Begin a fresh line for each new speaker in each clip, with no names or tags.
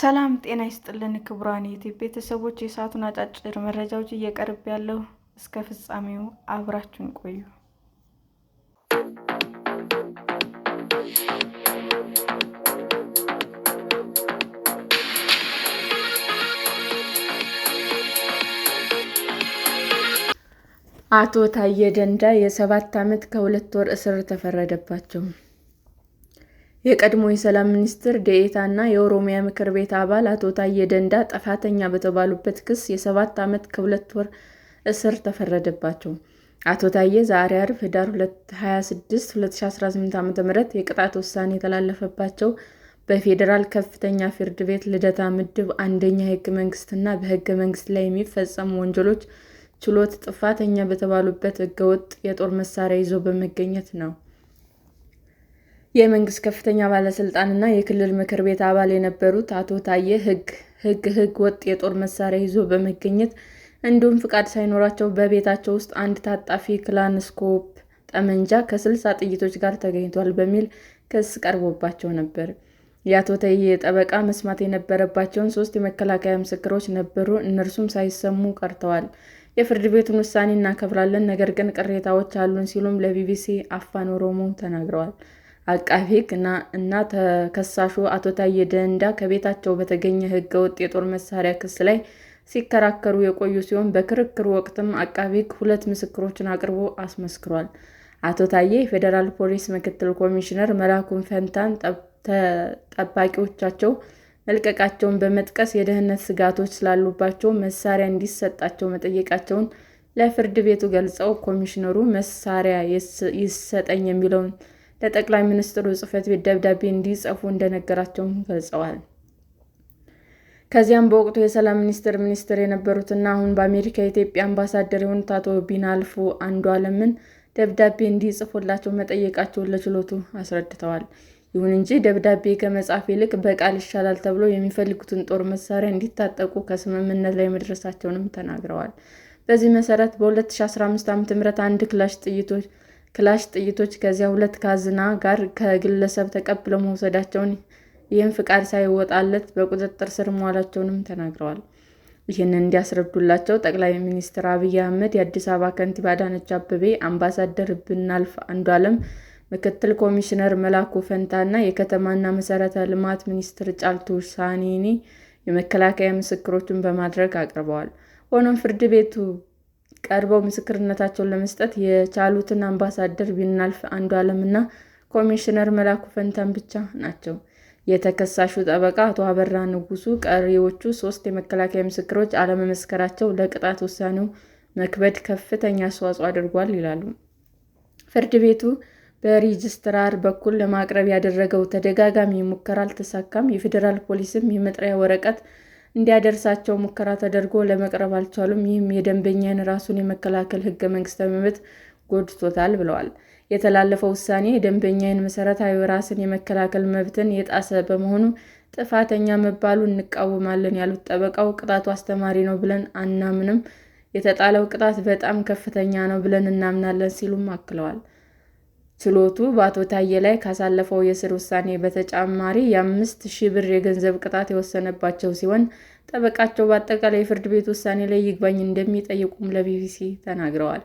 ሰላም ጤና ይስጥልን ክቡራን ዩቲዩብ ቤተሰቦች፣ የሰዓቱን አጫጭር መረጃዎች እየቀርብ ያለው እስከ ፍጻሜው አብራችሁን ቆዩ። አቶ ታዬ ደንዳ የሰባት ዓመት ከሁለት ወር እስር ተፈረደባቸው። የቀድሞ የሰላም ሚኒስትር ዴኤታ እና የኦሮሚያ ምክር ቤት አባል አቶ ታዬ ደንዳ ጥፋተኛ በተባሉበት ክስ የሰባት ዓመት ከሁለት ወር እስር ተፈረደባቸው። አቶ ታዬ ዛሬ አርብ ህዳር 26 2018 ዓ.ም የቅጣት ውሳኔ የተላለፈባቸው በፌዴራል ከፍተኛ ፍርድ ቤት ልደታ ምድብ አንደኛ ሕገ መንግስትና በህገ መንግስት ላይ የሚፈጸሙ ወንጀሎች ችሎት ጥፋተኛ በተባሉበት ህገወጥ የጦር መሳሪያ ይዞ በመገኘት ነው። የመንግስት ከፍተኛ ባለስልጣንና የክልል ምክር ቤት አባል የነበሩት አቶ ታዬ ህግ ህግ ሕገ ወጥ የጦር መሳሪያ ይዞ በመገኘት እንዲሁም ፍቃድ ሳይኖራቸው በቤታቸው ውስጥ አንድ ታጣፊ ክላንስኮፕ ጠመንጃ ከስልሳ ጥይቶች ጋር ተገኝቷል በሚል ክስ ቀርቦባቸው ነበር። የአቶ ታዬ ጠበቃ መስማት የነበረባቸውን ሶስት የመከላከያ ምስክሮች ነበሩ። እነርሱም ሳይሰሙ ቀርተዋል። የፍርድ ቤቱን ውሳኔ እናከብራለን፣ ነገር ግን ቅሬታዎች አሉን ሲሉም ለቢቢሲ አፋን ኦሮሞ ተናግረዋል። አቃቤ ሕግ እና ተከሳሹ አቶ ታዬ ደንዳ ከቤታቸው በተገኘ ወጥ የጦር መሳሪያ ክስ ላይ ሲከራከሩ የቆዩ ሲሆን በክርክሩ ወቅትም አቃቤ ሕግ ሁለት ምስክሮችን አቅርቦ አስመስክሯል። አቶ ታዬ የፌዴራል ፖሊስ ምክትል ኮሚሽነር መላኩን ፈንታን ጠባቂዎቻቸው መልቀቃቸውን በመጥቀስ የደህንነት ስጋቶች ስላሉባቸው መሳሪያ እንዲሰጣቸው መጠየቃቸውን ለፍርድ ቤቱ ገልጸው ኮሚሽነሩ መሳሪያ ይሰጠኝ የሚለውን ለጠቅላይ ሚኒስትሩ ጽህፈት ቤት ደብዳቤ እንዲጽፉ እንደነገራቸውም ገልጸዋል። ከዚያም በወቅቱ የሰላም ሚኒስቴር ሚኒስትር የነበሩትና አሁን በአሜሪካ የኢትዮጵያ አምባሳደር የሆኑት አቶ ቢናልፉ አንዱዓለምን ደብዳቤ እንዲጽፉላቸው መጠየቃቸውን ለችሎቱ አስረድተዋል። ይሁን እንጂ ደብዳቤ ከመጻፍ ይልቅ በቃል ይሻላል ተብሎ የሚፈልጉትን ጦር መሳሪያ እንዲታጠቁ ከስምምነት ላይ መድረሳቸውንም ተናግረዋል። በዚህ መሰረት በ2015 ዓ.ም አንድ ክላሽ ጥይቶች ክላሽ ጥይቶች ከዚያ ሁለት ካዝና ጋር ከግለሰብ ተቀብለው መውሰዳቸውን ይህም ፍቃድ ሳይወጣለት በቁጥጥር ስር መዋላቸውንም ተናግረዋል። ይህንን እንዲያስረዱላቸው ጠቅላይ ሚኒስትር አብይ አህመድ የአዲስ አበባ ከንቲባ አዳነች አቤቤ፣ አምባሳደር ብናልፍ አንዱዓለም፣ ምክትል ኮሚሽነር መላኩ እና የከተማና መሠረተ ልማት ሚኒስትር ጫልቱ ሳኒኒ የመከላከያ ምስክሮችን በማድረግ አቅርበዋል። ሆኖም ፍርድ ቤቱ ቀርበው ምስክርነታቸውን ለመስጠት የቻሉትን አምባሳደር ቢናልፍ አንዱዓለምና ኮሚሽነር መላኩ ፈንታን ብቻ ናቸው። የተከሳሹ ጠበቃ አቶ አበራ ንጉሱ ቀሪዎቹ ሶስት የመከላከያ ምስክሮች አለመመስከራቸው ለቅጣት ውሳኔው መክበድ ከፍተኛ አስተዋጽኦ አድርጓል ይላሉ። ፍርድ ቤቱ በሬጅስትራር በኩል ለማቅረብ ያደረገው ተደጋጋሚ ሙከራ አልተሳካም። የፌዴራል ፖሊስም የመጥሪያ ወረቀት እንዲያደርሳቸው ሙከራ ተደርጎ ለመቅረብ አልቻሉም። ይህም የደንበኛን ራሱን የመከላከል ህገ መንግስታዊ መብት ጎድቶታል ብለዋል። የተላለፈው ውሳኔ የደንበኛን መሰረታዊ ራስን የመከላከል መብትን የጣሰ በመሆኑ ጥፋተኛ መባሉ እንቃወማለን ያሉት ጠበቃው፣ ቅጣቱ አስተማሪ ነው ብለን አናምንም፣ የተጣለው ቅጣት በጣም ከፍተኛ ነው ብለን እናምናለን ሲሉም አክለዋል። ችሎቱ በአቶ ታዬ ላይ ካሳለፈው የስር ውሳኔ በተጨማሪ የአምስት ሺህ ብር የገንዘብ ቅጣት የወሰነባቸው ሲሆን ጠበቃቸው በአጠቃላይ የፍርድ ቤት ውሳኔ ላይ ይግባኝ እንደሚጠይቁም ለቢቢሲ ተናግረዋል።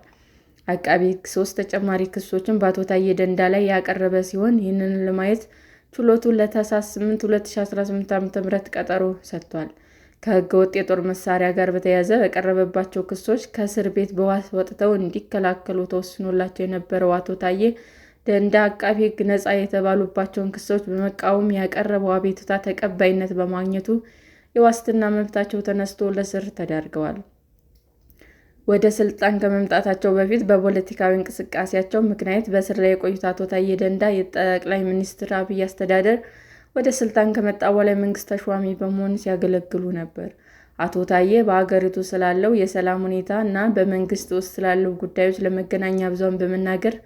አቃቢ ሕግ ሶስት ተጨማሪ ክሶችን በአቶ ታዬ ደንዳ ላይ ያቀረበ ሲሆን ይህንን ለማየት ችሎቱ ለተሳ 8 2018 ዓ.ም ቀጠሮ ሰጥቷል። ከሕገ ወጥ የጦር መሳሪያ ጋር በተያያዘ በቀረበባቸው ክሶች ከእስር ቤት በዋስ ወጥተው እንዲከላከሉ ተወስኖላቸው የነበረው አቶ ታዬ እንደ ዐቃቤ ሕግ ነጻ የተባሉባቸውን ክሶች በመቃወም ያቀረበው አቤቱታ ተቀባይነት በማግኘቱ የዋስትና መብታቸው ተነስቶ ለእስር ተዳርገዋል። ወደ ስልጣን ከመምጣታቸው በፊት በፖለቲካዊ እንቅስቃሴያቸው ምክንያት በእስር ላይ የቆዩት አቶ ታዬ ደንዳ የጠቅላይ ሚኒስትር አብይ አስተዳደር ወደ ስልጣን ከመጣ በኋላ የመንግሥት ተሿሚ በመሆን ሲያገለግሉ ነበር። አቶ ታዬ በሀገሪቱ ስላለው የሰላም ሁኔታ እና በመንግሥት ውስጥ ስላሉ ጉዳዮች ለመገናኛ ብዙን በመናገር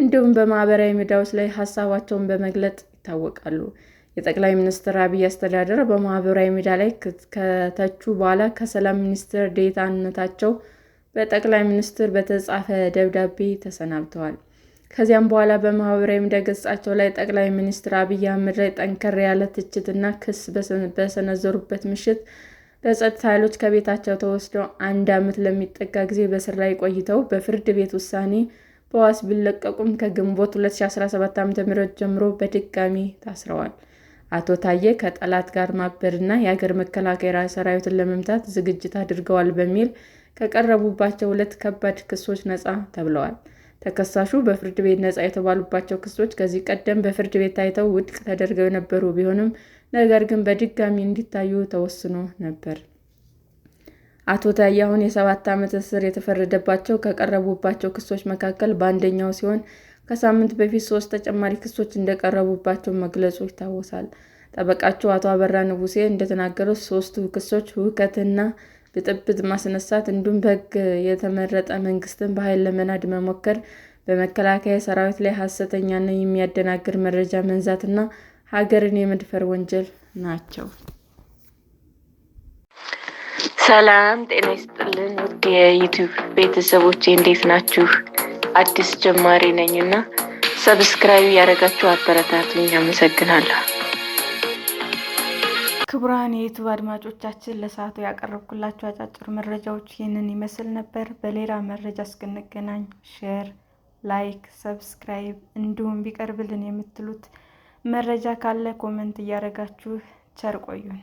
እንዲሁም በማህበራዊ ሚዲያዎች ላይ ሀሳባቸውን በመግለጥ ይታወቃሉ። የጠቅላይ ሚኒስትር አብይ አስተዳደር በማህበራዊ ሚዲያ ላይ ከተቹ በኋላ ከሰላም ሚኒስትር ዴኤታነታቸው በጠቅላይ ሚኒስትር በተጻፈ ደብዳቤ ተሰናብተዋል። ከዚያም በኋላ በማህበራዊ ሚዲያ ገጻቸው ላይ ጠቅላይ ሚኒስትር አብይ አህመድ ላይ ጠንከር ያለ ትችትና ክስ በሰነዘሩበት ምሽት በጸጥታ ኃይሎች ከቤታቸው ተወስደው አንድ ዓመት ለሚጠጋ ጊዜ በእስር ላይ ቆይተው በፍርድ ቤት ውሳኔ በዋስ ቢለቀቁም ከግንቦት 2017 ዓ.ም ጀምሮ በድጋሚ ታስረዋል። አቶ ታዬ ከጠላት ጋር ማበርና የአገር መከላከያ ሰራዊትን ለመምታት ዝግጅት አድርገዋል በሚል ከቀረቡባቸው ሁለት ከባድ ክሶች ነፃ ተብለዋል። ተከሳሹ በፍርድ ቤት ነፃ የተባሉባቸው ክሶች ከዚህ ቀደም በፍርድ ቤት ታይተው ውድቅ ተደርገው የነበሩ ቢሆንም ነገር ግን በድጋሚ እንዲታዩ ተወስኖ ነበር። አቶ ታዬ አሁን የሰባት ዓመት እስር የተፈረደባቸው ከቀረቡባቸው ክሶች መካከል በአንደኛው ሲሆን ከሳምንት በፊት ሶስት ተጨማሪ ክሶች እንደቀረቡባቸው መግለጹ ይታወሳል። ጠበቃቸው አቶ አበራ ንጉሴ እንደተናገሩት ሶስቱ ክሶች ሁከትና ብጥብጥ ማስነሳት እንዲሁም በሕግ የተመረጠ መንግስትን በኃይል ለመናድ መሞከር፣ በመከላከያ ሰራዊት ላይ ሐሰተኛና የሚያደናግር መረጃ መንዛትና ሀገርን የመድፈር ወንጀል ናቸው። ሰላም ጤና ይስጥልን ውድ የዩቱብ ቤተሰቦቼ እንዴት ናችሁ? አዲስ ጀማሪ ነኝ እና ሰብስክራይብ ያደረጋችሁ አበረታትኝ። አመሰግናለሁ። ክቡራን የዩቱብ አድማጮቻችን ለሰዓቱ ያቀረብኩላችሁ አጫጭር መረጃዎች ይህንን ይመስል ነበር። በሌላ መረጃ እስክንገናኝ ሼር፣ ላይክ፣ ሰብስክራይብ እንዲሁም ቢቀርብልን የምትሉት መረጃ ካለ ኮመንት እያደረጋችሁ ቸር ቆዩን።